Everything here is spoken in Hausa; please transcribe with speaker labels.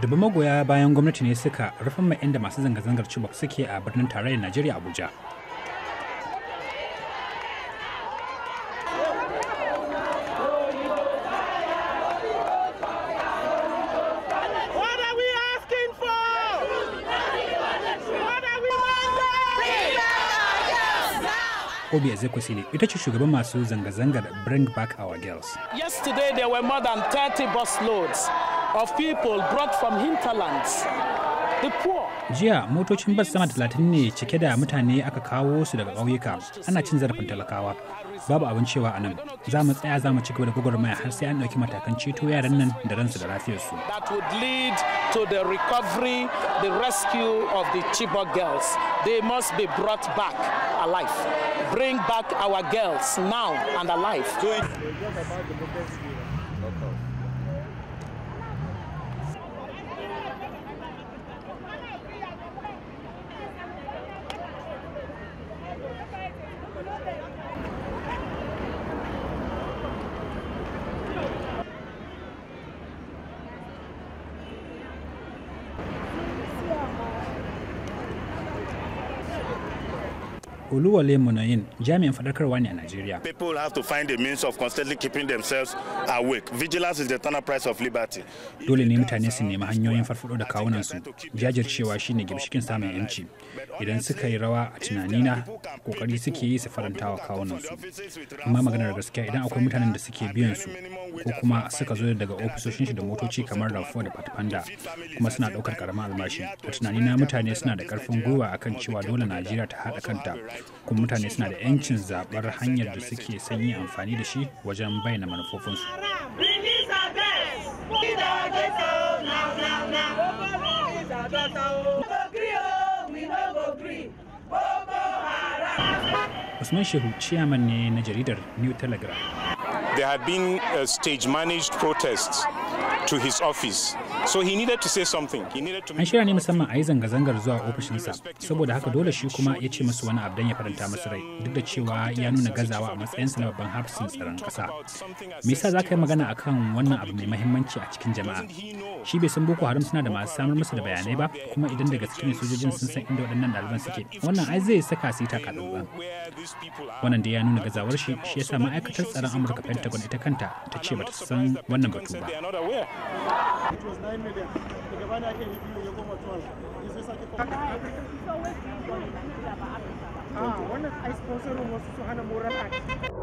Speaker 1: dubu magoya bayan gwamnati ne suka rufe mai inda masu zanga-zangar cibok suke a birnin tarayyar Najeriya Abuja. Obi Ezekwesili ita ce shugaban masu zanga-zangar Bring Back Our Girls. Yesterday there were more than 30 bus loads of people brought from hinterlands, the poor. jiya motocin bas sama talatin ne cike da mutane aka kawo su daga ƙauyuka ana cin zarafin talakawa Baba abin cewa a nan za mu tsaya za mu ci gaba da gugur mai har sai an ɗauki matakan ceto da ransu da lafiyarsu. that would lead to the recovery the rescue of the chibok girls they must be brought back alive bring back our girls now and alive. Oluwale Munoyin jami'in fadakarwa ne a Najeriya. People have to find a means of constantly keeping themselves awake. Vigilance is the eternal price of liberty. Dole ne mutane su nemi hanyoyin farfado da kawunansu. Jajircewa shine gimshikin samun yanci. Idan suka yi rawa a tunani na kokari suke yi su faranta wa kawunansu. Amma maganar gaskiya idan akwai mutanen da suke biyan su ko kuma suka zo daga ofisoshin shi da motoci kamar Rafo da Fatfanda kuma suna ɗaukar karamar almashi. A na mutane suna da karfin gwiwa akan cewa dole Najeriya ta haɗa kanta kuma mutane suna da 'yancin zaɓar hanyar da suke son yi amfani da shi wajen bayyana manufofinsu. Usman Shehu ciyaman ne na jaridar New Telegraph. There had been uh, stage managed protests to his office So he needed to say something. He needed to An shirya ne musamman a yi zanga-zangar zuwa ofishinsa, saboda haka dole shi kuma ya ce masu wani abdan ya faranta masu rai, duk da cewa ya nuna gazawa a matsayinsa na babban hafsin tsaron ƙasa. Me yasa za ka yi magana akan wannan abu mai muhimmanci a cikin jama'a? shi bai san boko haram suna da masu samar musu da bayanai ba kuma idan daga cikin sojojin sun san inda waɗannan ɗaliban suke wannan ai zai saka su ta kaɗan wannan da ya nuna gazawar shi shi yasa ma'aikatar tsaron amurka pentagon ita kanta ta ce bata san wannan batu ba ah, wannan wasu su hana moral act